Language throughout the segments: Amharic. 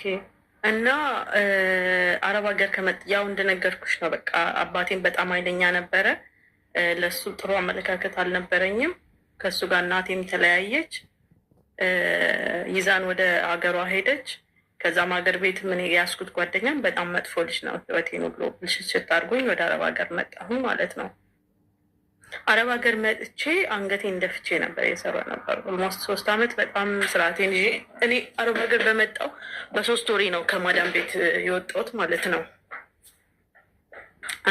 ኦኬ እና አረብ ሀገር ከመጥ ያው እንደነገርኩሽ ነው። በቃ አባቴን በጣም አይለኛ ነበረ። ለሱ ጥሩ አመለካከት አልነበረኝም። ከእሱ ጋር እናቴም ተለያየች። ይዛን ወደ ሀገሯ ሄደች። ከዛም ሀገር ቤት ምን ያስኩት ጓደኛም በጣም መጥፎ ልጅ ነው። ነው ብሎ ብልሽት አድርጎኝ ወደ አረብ ሀገር መጣሁ ማለት ነው። አረብ ሀገር መጥቼ አንገቴ እንደፍቼ ነበር የሰራ ነበር። ኦልሞስት ሶስት አመት በጣም ስርዓቴን ይዤ እኔ አረብ ሀገር በመጣው በሶስት ወሬ ነው ከማዳም ቤት የወጣሁት ማለት ነው።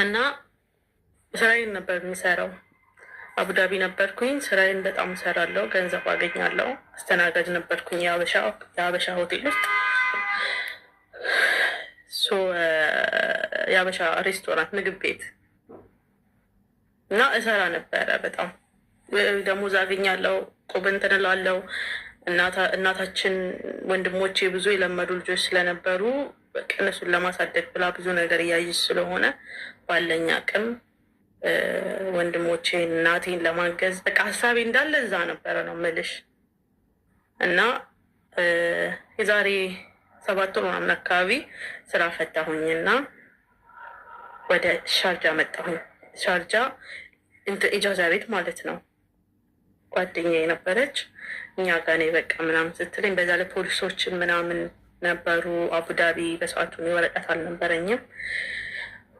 እና ስራዬን ነበር የምሰራው። አቡዳቢ ነበርኩኝ። ስራዬን በጣም እሰራለሁ፣ ገንዘብ አገኛለሁ። አስተናጋጅ ነበርኩኝ የአበሻ ሆቴል ውስጥ የአበሻ ሬስቶራንት ምግብ ቤት እና እሰራ ነበረ። በጣም ደግሞ አገኛለሁ፣ ቆብ ቁብንትንላለው እናታችን ወንድሞቼ ብዙ የለመዱ ልጆች ስለነበሩ እነሱን ለማሳደግ ብላ ብዙ ነገር እያየች ስለሆነ ባለኝ አቅም ወንድሞቼን እናቴን ለማገዝ በቃ ሀሳቤ እንዳለ እዛ ነበረ ነው የምልሽ። እና የዛሬ ሰባት ወር ምናምን አካባቢ ስራ ፈታሁኝና ወደ ሻርጃ መጣሁኝ። ሻርጃ ኢጃዛ ቤት ማለት ነው። ጓደኛ የነበረች እኛ ጋር ነው በቃ ምናምን ስትለኝ፣ በዛ ላይ ፖሊሶችን ምናምን ነበሩ አቡዳቢ። በሰዓቱ ወረቀት አልነበረኝም።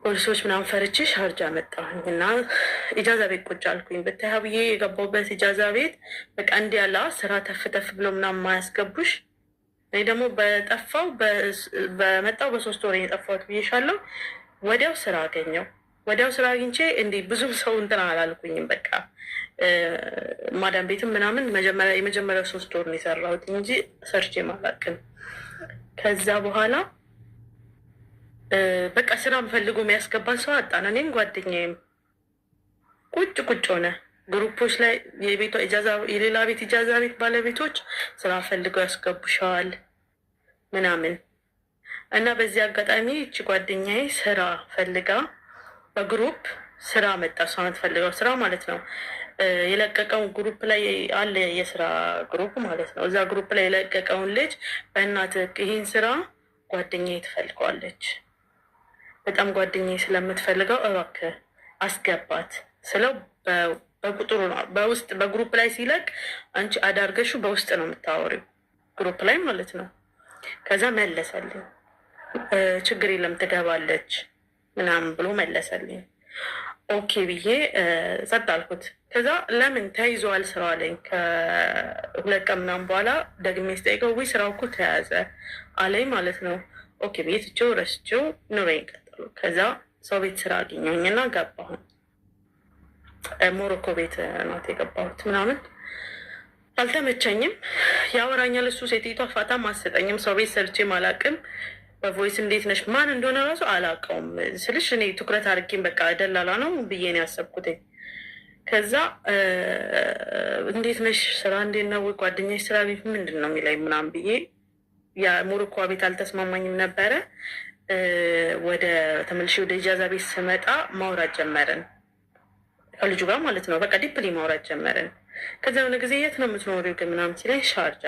ፖሊሶች ምናምን ፈርቼ ሻርጃ መጣሁኝ እና ኢጃዛ ቤት ቁጭ አልኩኝ። ብታይ ሀብዬ የገባሁበት ኢጃዛ ቤት በቃ እንዲህ ያለ ስራ ተፍ ተፍ ብሎ ምናምን ማያስገቡሽ እኔ ደግሞ በጠፋው በመጣው በሶስት ወር የጠፋሁት ብዬሻለሁ። ወዲያው ስራ አገኘው። ወዲያው ስራ አግኝቼ እንዲህ ብዙም ሰው እንትን አላልኩኝም። በቃ ማዳም ቤትም ምናምን የመጀመሪያው ሶስት ወር ነው የሰራሁት እንጂ ሰርቼ ማላቅም። ከዛ በኋላ በቃ ስራም ፈልጎ የሚያስገባን ሰው አጣን። እኔም ጓደኛዬም ቁጭ ቁጭ ሆነ። ግሩፖች ላይ የቤቷ የሌላ ቤት ኢጃዛ ቤት ባለቤቶች ስራ ፈልገው ያስገቡሸዋል ምናምን እና በዚህ አጋጣሚ እቺ ጓደኛዬ ስራ ፈልጋ በግሩፕ ስራ መጣ። እሷ የምትፈልገው ስራ ማለት ነው። የለቀቀው ግሩፕ ላይ አለ የስራ ግሩፕ ማለት ነው። እዛ ግሩፕ ላይ የለቀቀውን ልጅ በእናትህ ይህን ስራ ጓደኛዬ ትፈልገዋለች፣ በጣም ጓደኛዬ ስለምትፈልገው እባክህ አስገባት ስለው በቁጥሩ ነው በውስጥ በግሩፕ ላይ ሲለቅ አንቺ አዳርገሹ በውስጥ ነው የምታወሪው ግሩፕ ላይ ማለት ነው። ከዛ መለሰልኝ ችግር የለም ትገባለች ምናምን ብሎ መለሰልኝ። ኦኬ ብዬ ጸጥ አልኩት። ከዛ ለምን ተይዘዋል ስራው አለኝ። ከሁለት ቀን ምናምን በኋላ ደግሜ ስጠይቀው ወይ ስራው እኮ ተያዘ አለኝ ማለት ነው። ኦኬ ብዬ ትቼው ረስቼው ኑሮዬን ቀጠሉ። ከዛ ሰው ቤት ስራ አገኘሁኝና ገባሁኝ። ሞሮኮ ቤት ናት የገባሁት ምናምን አልተመቸኝም። ያወራኛል እሱ ሴትዮቷ ፋታም አሰጠኝም። ሰው ቤት ሰርቼ ማላቅም በቮይስ እንዴት ነሽ ማን እንደሆነ ራሱ አላውቀውም ስልሽ እኔ ትኩረት አድርጌን በቃ ደላላ ነው ብዬ ነው ያሰብኩትኝ። ከዛ እንዴት ነሽ ስራ እንዴት ነው ጓደኛሽ ስራ ቤት ምንድን ነው የሚለኝ ምናምን ብዬ የሞሮኮ ቤት አልተስማማኝም ነበረ። ወደ ተመልሼ ወደ ኢጃዛ ቤት ስመጣ ማውራት ጀመርን ከልጁ ጋር ማለት ነው። በቃ ዲፕሊ ማውራት ጀመርን። ከዚያ የሆነ ጊዜ የት ነው የምትኖሪው ምናምን ሲለኝ ሻርጃ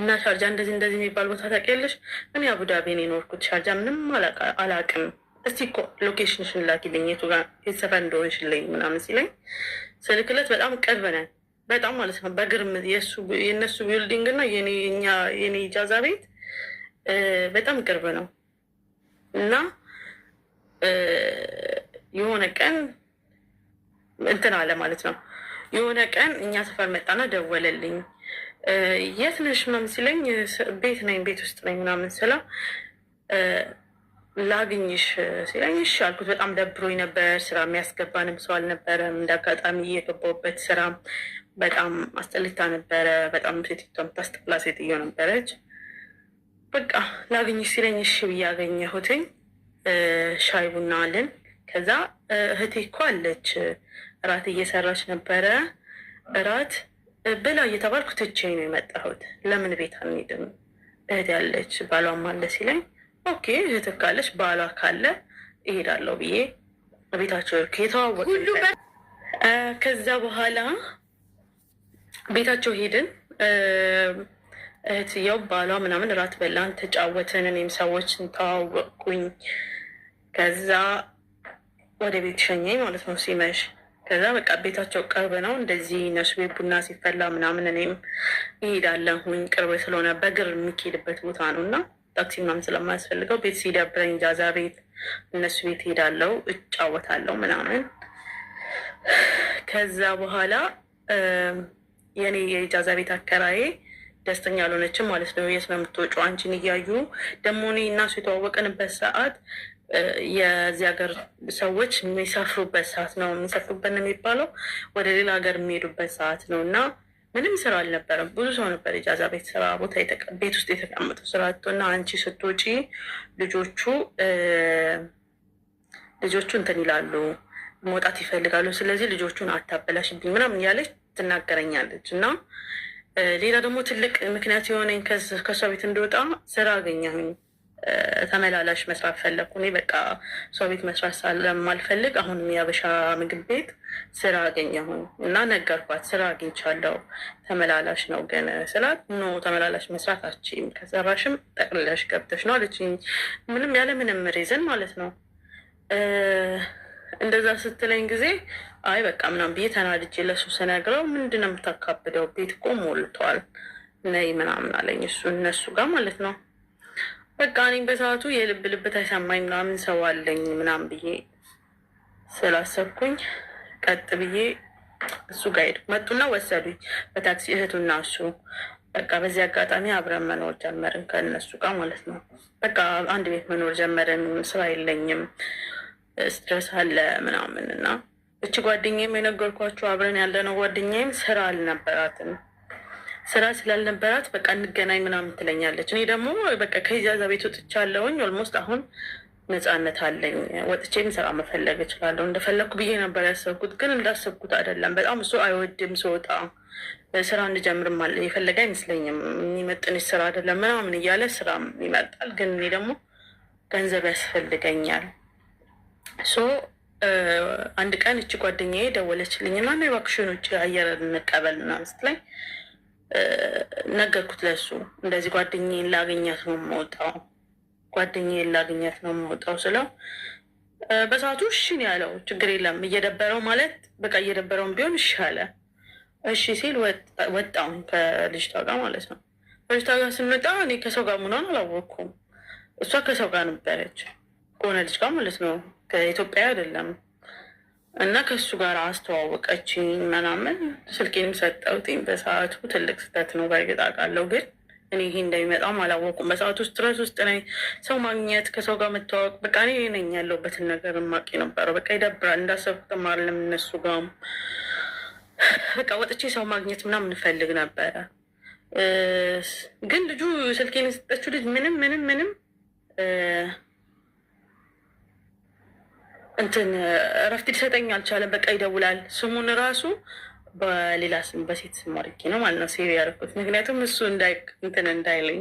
እና ሻርጃ እንደዚህ እንደዚህ የሚባል ቦታ ታውቂያለሽ? እኔ አቡዳቢ ነው የኖርኩት። ሻርጃ ምንም አላውቅም። እስቲ እኮ ሎኬሽንሽን ላኪልኝ የቱ ጋር የተሰራ እንደሆንሽልኝ ምናምን ሲለኝ ስልክለት በጣም ቅርብ ነን፣ በጣም ማለት ነው። በግርም የእነሱ ቢልዲንግ እና የኔ ጃዛ ቤት በጣም ቅርብ ነው እና የሆነ ቀን እንትን አለ ማለት ነው። የሆነ ቀን እኛ ሰፈር መጣና ደወለልኝ የት ነሽ ምናምን ሲለኝ ቤት ነኝ ቤት ውስጥ ነኝ ምናምን ስለው ላግኝሽ ሲለኝ እሺ አልኩት። በጣም ደብሮኝ ነበር። ስራ የሚያስገባንም ሰው አልነበረም። እንደ አጋጣሚ የገባሁበት ስራ በጣም አስጠልታ ነበረ። በጣም ሴትቷ የምታስጠላ ሴትዮ ነበረች። በቃ ላግኝሽ ሲለኝ እሺ ብዬ አገኘሁትኝ። ሻይ ቡና አለን። ከዛ እህቴ እኮ አለች እራት እየሰራች ነበረ እራት ብላ እየተባልኩ ትቼ ነው የመጣሁት። ለምን ቤት አንሄድም? እህት ያለች ባሏም አለ ሲለኝ፣ ኦኬ እህት ካለች ባሏ ካለ እሄዳለሁ ብዬ ቤታቸው የተዋወቀ ከዛ በኋላ ቤታቸው ሄድን። እህትየው ባሏ ምናምን እራት በላን፣ ተጫወትን፣ እኔም ሰዎችን ተዋወቅኩኝ። ከዛ ወደ ቤት ሸኘኝ ማለት ነው ሲመሽ ከዛ በቃ ቤታቸው ቅርብ ነው። እንደዚህ እነሱ ቤት ቡና ሲፈላ ምናምን እኔም ይሄዳለሁኝ ቅርብ ስለሆነ በግር የሚኬድበት ቦታ ነው እና ታክሲ ምናምን ስለማያስፈልገው ቤት ሲደብረኝ ጃዛ ቤት እነሱ ቤት ሄዳለው እጫወታለው ምናምን። ከዛ በኋላ የኔ የጃዛ ቤት አከራዬ ደስተኛ አልሆነችም ማለት ነው። የት ነው የምትወጪው አንቺን እያዩ ደግሞ እኔ እና እሱ የተዋወቅንበት ሰዓት የዚህ ሀገር ሰዎች የሚሰፍሩበት ሰዓት ነው። የሚሰፍሩበት ነው የሚባለው ወደ ሌላ ሀገር የሚሄዱበት ሰዓት ነው እና ምንም ስራ አልነበረም። ብዙ ሰው ነበር ኢጃዛ ቤት ስራ ቦታ ቤት ውስጥ የተቀመጠው ስራ አቶ እና አንቺ ስትወጪ ልጆቹ ልጆቹ እንትን ይላሉ መውጣት ይፈልጋሉ። ስለዚህ ልጆቹን አታበላሽብኝ ምናምን እያለች ትናገረኛለች እና ሌላ ደግሞ ትልቅ ምክንያት የሆነኝ ከሷ ቤት እንደወጣ ስራ አገኛኝ ተመላላሽ መስራት ፈለግኩ። እኔ በቃ ሰው ቤት መስራት ስለማልፈልግ አሁንም የአበሻ ምግብ ቤት ስራ አገኘሁኝ እና ነገርኳት። ስራ አግኝቻለሁ ተመላላሽ ነው ግን ስላት፣ ኖ ተመላላሽ መስራት አችም ከሰራሽም ጠቅልለሽ ገብተሽ ነው አለችኝ። ምንም ያለ ምንም ሪዝን ማለት ነው። እንደዛ ስትለኝ ጊዜ አይ በቃ ምናም ብዬ ተናድጄ ለሱ ስነግረው ምንድን ነው የምታካብደው? ቤት እኮ ሞልቷል ነይ ምናምን አለኝ። እሱ እነሱ ጋር ማለት ነው በቃ እኔም በሰዓቱ የልብ ልብ ተሰማኝ ምናምን ሰው አለኝ ምናምን ብዬ ስላሰብኩኝ ቀጥ ብዬ እሱ ጋር ሄድኩ። መጡና ወሰዱኝ በታክሲ እህቱና እሱ። በቃ በዚህ አጋጣሚ አብረን መኖር ጀመርን ከእነሱ ጋር ማለት ነው። በቃ አንድ ቤት መኖር ጀመርን። ስራ የለኝም ስትረስ አለ ምናምን እና እች ጓደኛዬም የነገርኳቸው አብረን ያለነው ጓደኛዬም ስራ አልነበራትም። ስራ ስላልነበራት በቃ እንገናኝ ምናምን ትለኛለች። እኔ ደግሞ በቃ ከዚያዛ ቤት ወጥቻለሁኝ። ኦልሞስት አሁን ነፃነት አለኝ። ወጥቼ ስራ መፈለግ እችላለሁ። እንደፈለግኩ ብዬ ነበር ያሰብኩት፣ ግን እንዳሰብኩት አይደለም። በጣም እሱ አይወድም ስወጣ ስራ እንጀምርም አለ የፈለገ አይመስለኝም። የሚመጥንሽ ስራ አይደለም ምናምን እያለ ስራ ይመርጣል። ግን እኔ ደግሞ ገንዘብ ያስፈልገኛል። ሶ አንድ ቀን እች ጓደኛዬ ደወለችልኝ እና እባክሽን ውጭ አየር እንቀበል ምናምን ስትለኝ ነገርኩት ለሱ እንደዚህ ጓደኛዬን ላገኛት ነው የምወጣው፣ ጓደኛዬን ላገኛት ነው የምወጣው ስለው በሰዓቱ እሺ ነው ያለው። ችግር የለም እየደበረው ማለት በቃ እየደበረውን ቢሆን እሺ አለ። እሺ ሲል ወጣውን ከልጅቷ ጋር ማለት ነው። ከልጅቷ ጋር ስንወጣ እኔ ከሰው ጋር ምኗን አላወቅኩም። እሷ ከሰው ጋር ነበረች ከሆነ ልጅ ጋር ማለት ነው። ከኢትዮጵያ አይደለም እና ከእሱ ጋር አስተዋወቀችኝ ምናምን ስልኬንም ሰጠውትኝ። በሰዓቱ ትልቅ ስህተት ነው በእርግጥ አውቃለሁ፣ ግን እኔ ይሄ እንደሚመጣም አላወቁም። በሰዓቱ ስትረስ ውስጥ ነኝ። ሰው ማግኘት፣ ከሰው ጋር መተዋወቅ፣ በቃ እኔ ነኝ ያለሁበትን ነገር ማቂ ነበረው። በቃ ይደብራል። እንዳሰብኩትም አይደለም እነሱ ጋርም በቃ ወጥቼ ሰው ማግኘት ምናምን እንፈልግ ነበረ። ግን ልጁ ስልኬን የሰጠችው ልጅ ምንም ምንም ምንም እንትን እረፍት ሊሰጠኝ አልቻለም። በቃ ይደውላል። ስሙን ራሱ በሌላ ስም በሴት ስም አድርጌ ነው ማለት ነው ሴቭ ያደረኩት። ምክንያቱም እሱ እንትን እንዳይለኝ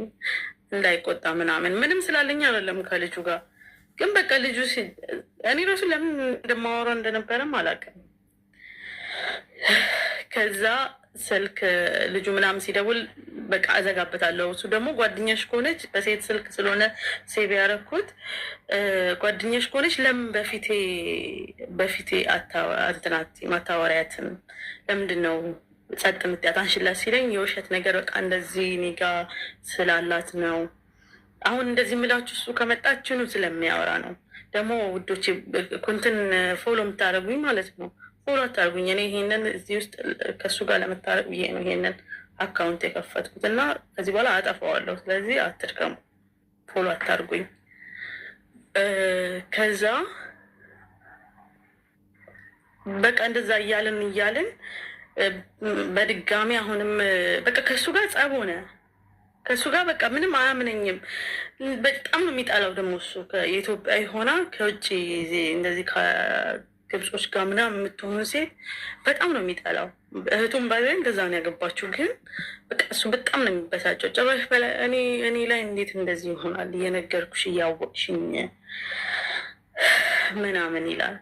እንዳይቆጣ ምናምን ምንም ስላለኝ አይደለም ከልጁ ጋር ግን በቃ ልጁ እኔ ራሱ ለምን እንደማወራው እንደነበረም አላውቅም። ከዛ ስልክ ልጁ ምናምን ሲደውል በቃ እዘጋበታለሁ። እሱ ደግሞ ጓደኛሽ ከሆነች በሴት ስልክ ስለሆነ ሴቭ ያደረኩት ጓደኛሽ ከሆነች ለምን በፊቴ በፊቴ አትናት ማታወሪያትም ለምንድን ነው ጸጥ ምትያት አንሽላት ሲለኝ የውሸት ነገር በቃ እንደዚህ ኒጋ ስላላት ነው። አሁን እንደዚህ የምላችሁ እሱ ከመጣችኑ ስለሚያወራ ነው። ደግሞ ውዶች ኩንትን ፎሎ የምታደርጉኝ ማለት ነው ፎሎ አታደርጉኝ። እኔ ይሄንን እዚህ ውስጥ ከእሱ ጋር ለመታረቅ ብዬ ነው ይሄንን አካውንት የከፈትኩት እና ከዚህ በኋላ አጠፋዋለሁ። ስለዚህ አትድከሙ፣ ፎሎ አታርጉኝ። ከዛ በቃ እንደዛ እያልን እያልን በድጋሚ አሁንም በቃ ከእሱ ጋር ጸብ ሆነ። ከእሱ ጋር በቃ ምንም አያምነኝም። በጣም ነው የሚጠላው ደግሞ እሱ የኢትዮጵያ ሆና ከውጭ እንደዚህ ግብጾች ጋር ምናምን የምትሆን ሴት በጣም ነው የሚጠላው። እህቱም ባይሆን እንደዛ ነው ያገባችው፣ ግን እሱ በጣም ነው የሚበሳጨው። ጭራሽ እኔ ላይ እንዴት እንደዚህ ይሆናል እየነገርኩሽ እያወቅሽኝ ምናምን ይላል።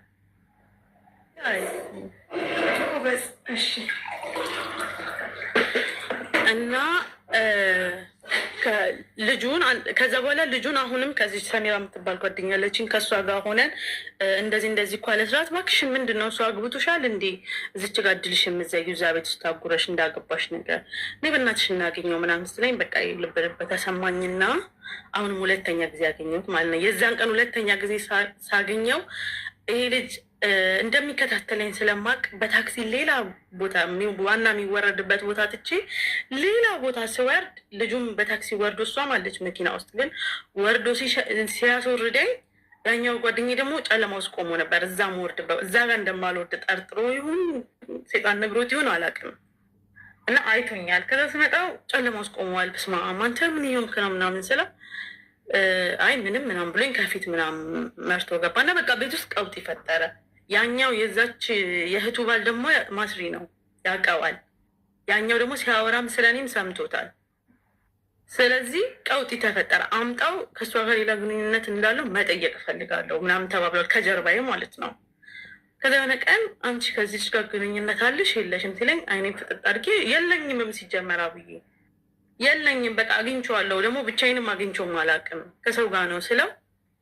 እና ልጁን ከዛ በኋላ ልጁን አሁንም ከዚህ ሰሜራ የምትባል ጓደኛለችን ከእሷ ጋር ሆነን እንደዚህ እንደዚህ ኳለ ስርዓት እባክሽን፣ ምንድን ነው እሱ አግብቶሻል እንዴ? እዚች ጋር ድልሽ የምትዘጊው እዛ ቤት ውስጥ አጉረሽ እንዳገባሽ ነገር እኔ በእናትሽ እናገኘው ምናምን ስትለኝ በቃ ልብርበት ተሰማኝና አሁንም ሁለተኛ ጊዜ አገኘሁት ማለት ነው። የዛን ቀን ሁለተኛ ጊዜ ሳገኘው ይሄ ልጅ እንደሚከታተለኝ ስለማቅ በታክሲ ሌላ ቦታ ዋና የሚወረድበት ቦታ ትቼ ሌላ ቦታ ስወርድ ልጁም በታክሲ ወርዶ እሷም አለች መኪና ውስጥ ግን ወርዶ ሲያስወርደኝ ያኛው ጓደኛ ደግሞ ጨለማ ውስጥ ቆሞ ነበር። እዛ ወርድ እዛ ጋር እንደማልወርድ ጠርጥሮ ይሁን ሴጣን ነግሮት ይሁን አላውቅም እና አይቶኛል። ከዛ ስመጣው ጨለማ ውስጥ ቆመዋል። በስመ አብ አንተ ምን ሆንክ ነው ምናምን ስለው አይ ምንም ምናምን ብሎኝ ከፊት ምናምን መርቶ ገባ እና በቃ ቤት ውስጥ ቀውጥ ይፈጠረ ያኛው የዛች የእህቱ ባል ደግሞ ማስሪ ነው ያውቀዋል። ያኛው ደግሞ ሲያወራም ስለኔም ሰምቶታል። ስለዚህ ቀውጢ ተፈጠረ። አምጣው ከእሷ ጋር ሌላ ግንኙነት እንዳለው መጠየቅ እፈልጋለሁ ምናምን ተባብሏል፣ ከጀርባዬ ማለት ነው። ከዚያ የሆነ ቀን አንቺ ከዚች ጋር ግንኙነት አለሽ የለሽም ሲለኝ አይኔም ፍጥጥ አድርጌ የለኝምም ሲጀመር ብዬ የለኝም በቃ አግኝቼዋለሁ ደግሞ ብቻዬንም አግኝቼውም አላውቅም ከሰው ጋር ነው ስለው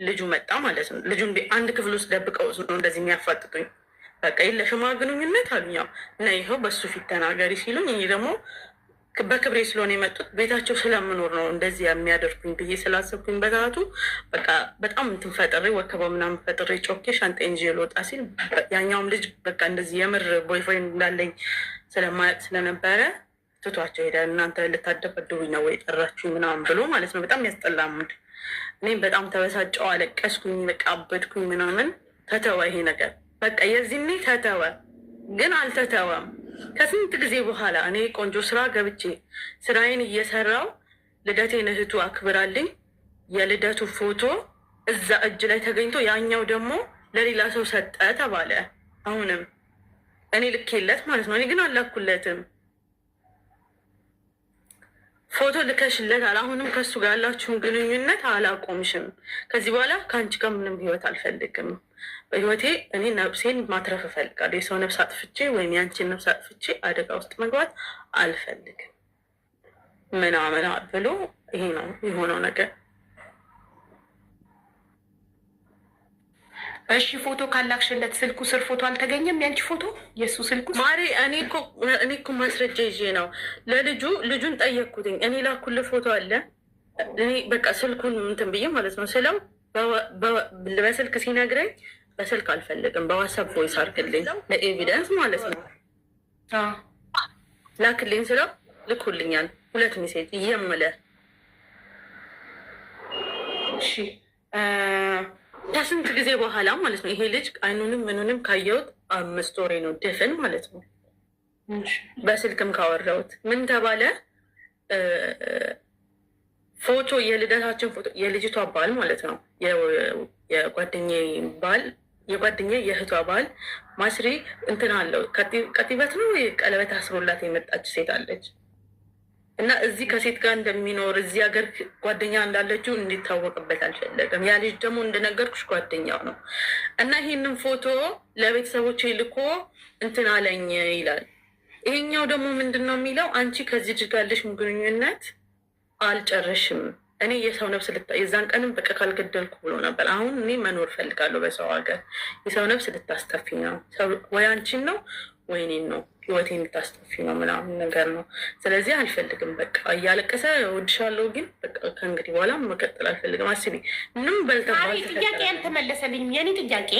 ልጁ መጣ ማለት ነው። ልጁን አንድ ክፍል ውስጥ ደብቀው ነው እንደዚህ የሚያፋጥጡኝ። በቃ የለሽማ ግንኙነት አሉኛው። ያው እና ይኸው በሱ ፊት ተናገሪ ሲሉኝ እኔ ደግሞ በክብሬ ስለሆነ የመጡት ቤታቸው ስለምኖር ነው እንደዚህ የሚያደርጉኝ ብዬ ስላሰብኩኝ በዛቱ በቃ በጣም እንትን ፈጥሬ ወከባው ምናምን ፈጥሬ ጮኬ ሻንጤ እንጂ ልወጣ ሲል ያኛውም ልጅ በቃ እንደዚህ የምር ቦይፍሬንድ እንዳለኝ ስለማያውቅ ስለነበረ ትቷቸው ሄዳል። እናንተ ልታደበድቡኝ ነው ወይ ጠራችሁ ምናምን ብሎ ማለት ነው። በጣም ያስጠላ ሙድ እኔም በጣም ተበሳጨው፣ አለቀስኩኝ፣ በቃ አበድኩኝ ምናምን። ተተወ ይሄ ነገር በቃ የዚህኔ ተተወ። ግን አልተተወም። ከስንት ጊዜ በኋላ እኔ ቆንጆ ስራ ገብቼ ስራዬን እየሰራው ልደቴን እህቱ አክብራልኝ የልደቱ ፎቶ እዛ እጅ ላይ ተገኝቶ ያኛው ደግሞ ለሌላ ሰው ሰጠ ተባለ። አሁንም እኔ ልኬለት ማለት ነው። እኔ ግን አላኩለትም። ፎቶ ልከሽለታል። አሁንም ከሱ ጋር ያላችሁን ግንኙነት አላቆምሽም። ከዚህ በኋላ ከአንቺ ጋር ምንም ህይወት አልፈልግም። በህይወቴ እኔ ነብሴን ማትረፍ እፈልጋለሁ። የሰው ነብስ አጥፍቼ ወይም የአንቺን ነብስ አጥፍቼ አደጋ ውስጥ መግባት አልፈልግም ምናምን ብሎ ይሄ ነው የሆነው ነገር። እሺ ፎቶ ካላክሽለት ስልኩ ስር ፎቶ አልተገኘም። ያንቺ ፎቶ የእሱ ስልኩ ማሪ፣ እኔ እኮ ማስረጃ ይዤ ነው ለልጁ ልጁን ጠየቅኩትኝ። እኔ ላኩል ፎቶ አለ እኔ በቃ ስልኩን እንትን ብዬ ማለት ነው ስለው በስልክ ሲነግረኝ በስልክ አልፈልግም በዋትሳፕ ቮይስ አርክልኝ ለኤቪደንስ ማለት ነው ላክልኝ ስለው ልኩልኛል። ሁለት ሜሴጅ እየምለ እሺ ከስንት ጊዜ በኋላ ማለት ነው። ይሄ ልጅ አይኑንም ምኑንም ካየሁት አምስት ወሬ ነው ድፍን ማለት ነው። በስልክም ካወራሁት ምን ተባለ? ፎቶ የልደታችን ፎቶ የልጅቷ ባል ማለት ነው የጓደኛ ባል የጓደኛ የእህቷ ባል ማስሪ እንትን አለው ቀጢበት ነው። ቀለበት አስሮላት የመጣች ሴት አለች እና እዚህ ከሴት ጋር እንደሚኖር እዚህ ሀገር ጓደኛ እንዳለችው እንዲታወቅበት አልፈለገም። ያ ልጅ ደግሞ እንደነገርኩሽ ጓደኛው ነው እና ይህንን ፎቶ ለቤተሰቦች ልኮ እንትን አለኝ ይላል። ይሄኛው ደግሞ ምንድን ነው የሚለው? አንቺ ከዚህ ልጅ ጋር ያለሽ ግንኙነት አልጨረሽም፣ እኔ የሰው ነፍስ ልታ የዛን ቀንም በቃ ካልገደልኩ ብሎ ነበር። አሁን እኔ መኖር ፈልጋለሁ በሰው ሀገር። የሰው ነፍስ ልታስጠፊ ነው። ወይ አንቺን ነው ወይኔን ነው ህይወቴን ልታስጠፊ ነው ምናምን ነገር ነው። ስለዚህ አልፈልግም። በቃ እያለቀሰ ወድሻለሁ፣ ግን ከእንግዲህ በኋላ መቀጠል አልፈልግም። አስቢ ምንም በልተባል። ጥያቄ ያልተመለሰልኝም የኔ ጥያቄ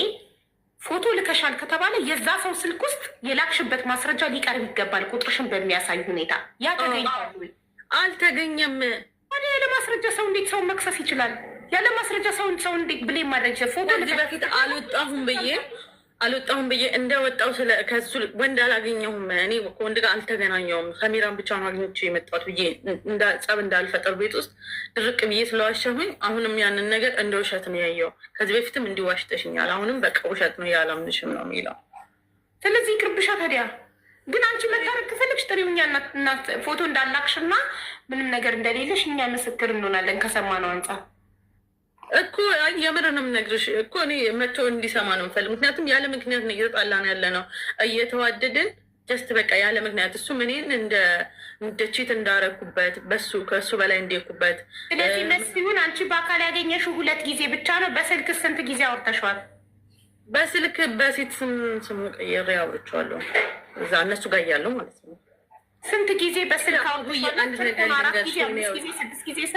ፎቶ ልከሻል ከተባለ የዛ ሰው ስልክ ውስጥ የላክሽበት ማስረጃ ሊቀርብ ይገባል፣ ቁጥርሽን በሚያሳይ ሁኔታ። ያ አልተገኘም። ታዲያ ያለ ማስረጃ ሰው እንዴት ሰው መክሰስ ይችላል? ያለ ማስረጃ ሰው ሰው እንዴት ብሌ ማድረግ ፎቶ በፊት አልወጣሁም ብዬ አልወጣሁም ብዬ እንደወጣው ስለ ከሱ ወንድ አላገኘሁም። እኔ ከወንድ ጋር አልተገናኘውም። ከሚራን ብቻ አግኝቼ የመጣሁት ብዬ ጸብ እንዳልፈጠር ቤት ውስጥ ድርቅ ብዬ ስለዋሸሁኝ አሁንም ያንን ነገር እንደ ውሸት ነው ያየው። ከዚህ በፊትም እንዲዋሽተሽኛል፣ አሁንም በቃ ውሸት ነው ያላምንሽም ነው የሚለው። ስለዚህ ቅርብሻ ታዲያ ግን አንቺ መታረቅ ከፈለግሽ ጥሪው ፎቶ እንዳላክሽና ምንም ነገር እንደሌለሽ እኛ ምስክር እንሆናለን ከሰማነው አንጻር እኮ የምር ነው የምነግርሽ እኮ እኔ መቶ እንዲሰማ ነው የምፈልግ። ምክንያቱም ያለ ምክንያት ነው እየተጣላን ያለ ነው እየተዋደድን ጀስት በቃ ያለ ምክንያት እሱም እኔን እንደ ቺት እንዳረኩበት በሱ ከእሱ በላይ እንዲኩበት። ስለዚህ መስሁን አንቺ በአካል ያገኘሽው ሁለት ጊዜ ብቻ ነው። በስልክ ስንት ጊዜ አውርተሸዋል? በስልክ በሴት ስሙ ቀይሬ አውርቼዋለሁ እዛ እነሱ ጋር እያለሁ ማለት ነው። ስንት ጊዜ በስልክ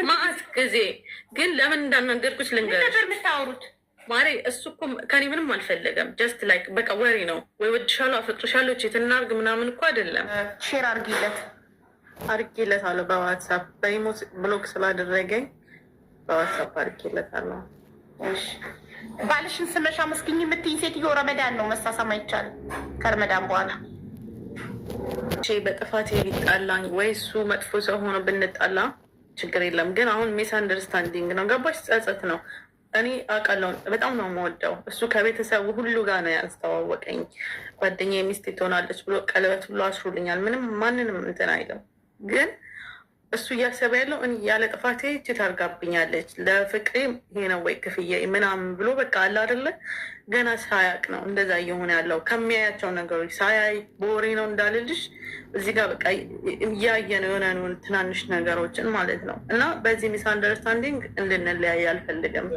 ማአት ጊዜ ግን ለምን እንዳናገርኩች ልንገርሽ የምታወሩት ማሬ። እሱ እኮ ከኔ ምንም አልፈለገም። ጀስት ላይክ በቃ ወሬ ነው። ወይ ወድሻለሁ፣ አፈቅርሻለሁ፣ ቼት እናድርግ ምናምን እኮ አይደለም። ሼር አርጊለት አድርጊለት አለ በዋትሳፕ በኢሞ ብሎክ ስላደረገኝ በዋትሳፕ አድርጊለት አለ። ባልሽን ስመሻ መስኪኝ የምትይኝ ሴትዮ ረመዳን ነው መሳሳም አይቻልም ከረመዳን በኋላ በጥፋት ቢጣላኝ ወይ እሱ መጥፎ ሰው ሆኖ ብንጣላ ችግር የለም። ግን አሁን ሚስ አንደርስታንዲንግ ነው፣ ገባሽ? ጸጸት ነው። እኔ አውቃለሁ፣ በጣም ነው የምወደው። እሱ ከቤተሰቡ ሁሉ ጋር ነው ያስተዋወቀኝ። ጓደኛ ሚስቴ ትሆናለች ብሎ ቀለበት ሁሉ አስሩልኛል። ምንም ማንንም እንትን አይለም ግን እሱ እያሰበ ያለው ያለ ጥፋቴ እች ታርጋብኛለች ለፍቅሬ ይሄ ነው ወይ ክፍዬ ምናምን ብሎ በቃ አለ አደለ። ገና ሳያቅ ነው እንደዛ እየሆነ ያለው ከሚያያቸው ነገሮች ሳያይ በወሬ ነው እንዳልልሽ እዚህ ጋር በቃ እያየ ነው የሆነ ትናንሽ ነገሮችን ማለት ነው እና በዚህ ሚስ አንደርስታንዲንግ እንድንለያይ አልፈልግም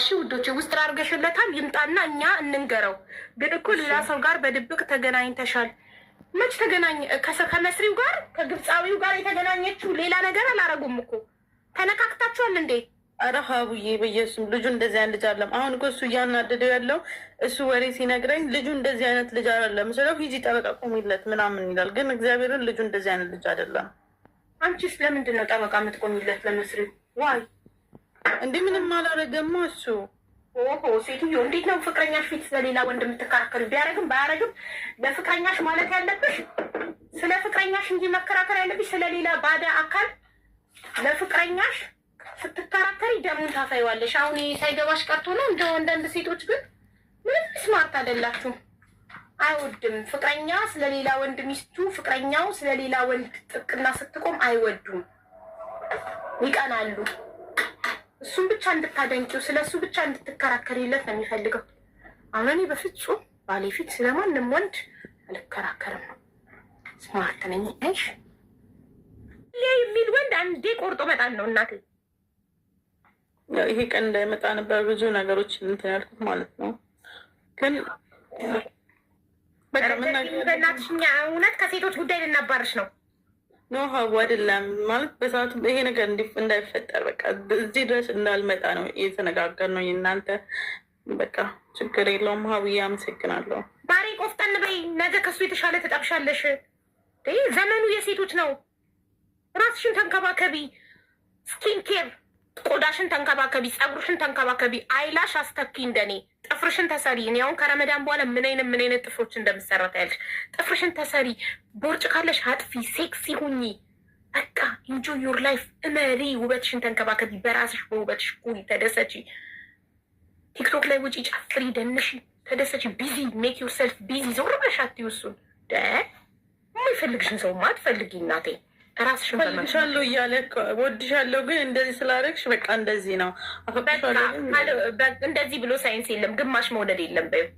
እሺ ውዶች ውስጥ አድርገሽለታል። ይምጣና እኛ እንንገረው። ግን እኮ ሌላ ሰው ጋር በድብቅ ተገናኝተሻል። መች ተገናኘ? ከመስሪው ጋር ከግብፃዊው ጋር የተገናኘችው ሌላ ነገር አላረጉም እኮ ተነካክታችኋል እንዴ? ኧረ ሀቡዬ በየሱም ልጁ እንደዚህ አይነት ልጅ አለም። አሁን እኮ እሱ እያናደደው ያለው እሱ ወሬ ሲነግረኝ ልጁ እንደዚህ አይነት ልጅ አለም ስለው ሂጂ ጠበቃ ቆሚለት ምናምን ይላል። ግን እግዚአብሔርን ልጁ እንደዚህ አይነት ልጅ አይደለም። አንቺስ ለምንድን ነው ጠበቃ የምትቆሚለት ለመስሪው ዋይ እንዴ ምንም አላረገማ እሱ። ኦሆ ሴትዮ እንዴት ነው ፍቅረኛሽ ፊት ስለሌላ ወንድ የምትከራከሪ? ቢያረግም ባያረግም ለፍቅረኛሽ ማለት ያለብሽ ስለ ፍቅረኛሽ እንጂ መከራከር ያለብሽ ስለሌላ ባደ አካል ለፍቅረኛሽ ስትከራከሪ ደሙን ታሳይዋለሽ። አሁን ሳይገባሽ ቀርቶ ነው። እንደ አንዳንድ ሴቶች ግን ምንም ስማርት አይደላችሁ አይወድም ፍቅረኛ ስለሌላ ወንድ ሚስቱ ፍቅረኛው ስለሌላ ወንድ ጥቅና ስትቆም አይወዱም፣ ይቀናሉ። እሱን ብቻ እንድታደንቂው ስለ እሱ ብቻ እንድትከራከሪለት ነው የሚፈልገው። አሁን እኔ በፍጹም ባሌ ፊት ስለማንም ወንድ አልከራከርም ነው ስማርት ነኝ ሽ የሚል ወንድ አንዴ ቆርጦ መጣል ነው እናቴ። ይሄ ቀን እንዳይመጣ ነበር ብዙ ነገሮች እንትን ያልኩት ማለት ነው። ግን በእናትሽ እውነት ከሴቶች ጉዳይ ልናባርሽ ነው ነው ሀቡ አይደለም ማለት በሰዓቱ ይሄ ነገር እንዳይፈጠር በቃ እዚህ ድረስ እንዳልመጣ ነው እየተነጋገር ነው። እናንተ በቃ ችግር የለውም። ሀቡዬ አመሰግናለሁ። ባሬ ቆፍጠን በይ። ነገ ከሱ የተሻለ ተጠብሻለሽ። ዘመኑ የሴቶች ነው። ራስሽን ተንከባከቢ። ስኪን ኬር ቆዳሽን ተንከባከቢ፣ ጸጉርሽን ተንከባከቢ፣ አይላሽ አስተኪ፣ እንደኔ ጥፍርሽን ተሰሪ። እኔ አሁን ከረመዳን በኋላ ምን አይነት ምን አይነት ጥፍሮች እንደምሰራ ታያለሽ። ጥፍርሽን ተሰሪ፣ ቦርጭ ካለሽ አጥፊ፣ ሴክሲ ሁኚ። በቃ ኢንጆይ ዩር ላይፍ እመሪ፣ ውበትሽን ተንከባከቢ፣ በራስሽ በውበትሽ ኩሪ፣ ተደሰቺ። ቲክቶክ ላይ ውጪ፣ ጨፍሪ፣ ደንሽ፣ ተደሰቺ። ቢዚ ሜክ ዩርሰልፍ ቢዚ። ዞር ብለሽ አትዩሱን ምን ፈልግሽን ሰውማ ማትፈልጊ እናቴ ራስሽን እያለ ወድሻለሁ፣ ግን እንደዚህ ስላደረግሽ በቃ እንደዚህ ነው። እንደዚህ ብሎ ሳይንስ የለም። ግማሽ መውደድ የለም በይው፣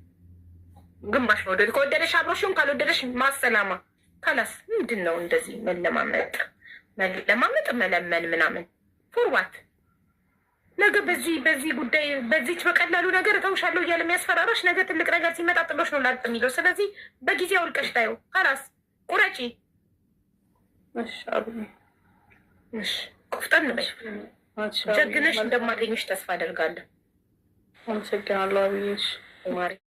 ግማሽ መውደድ ከወደደሽ አብሮሽን፣ ካልወደደሽ ማሰላማ ካላስ። ምንድን ነው እንደዚህ መለማመጥ መለማመጥ መለመን ምናምን ፎርዋት ነገ በዚህ በዚህ ጉዳይ በዚች በቀላሉ ነገር እተውሻለሁ እያለ የሚያስፈራራሽ ነገ ትልቅ ነገር ሲመጣ ጥሎሽ ነው ላጥ የሚለው። ስለዚህ በጊዜ አውልቀሽ ታየው ካላስ ቁረጪ ጀግነሽ እንደማገኘሽ ተስፋ አደርጋለሁ። አመሰግናለሁ አብዬሽ።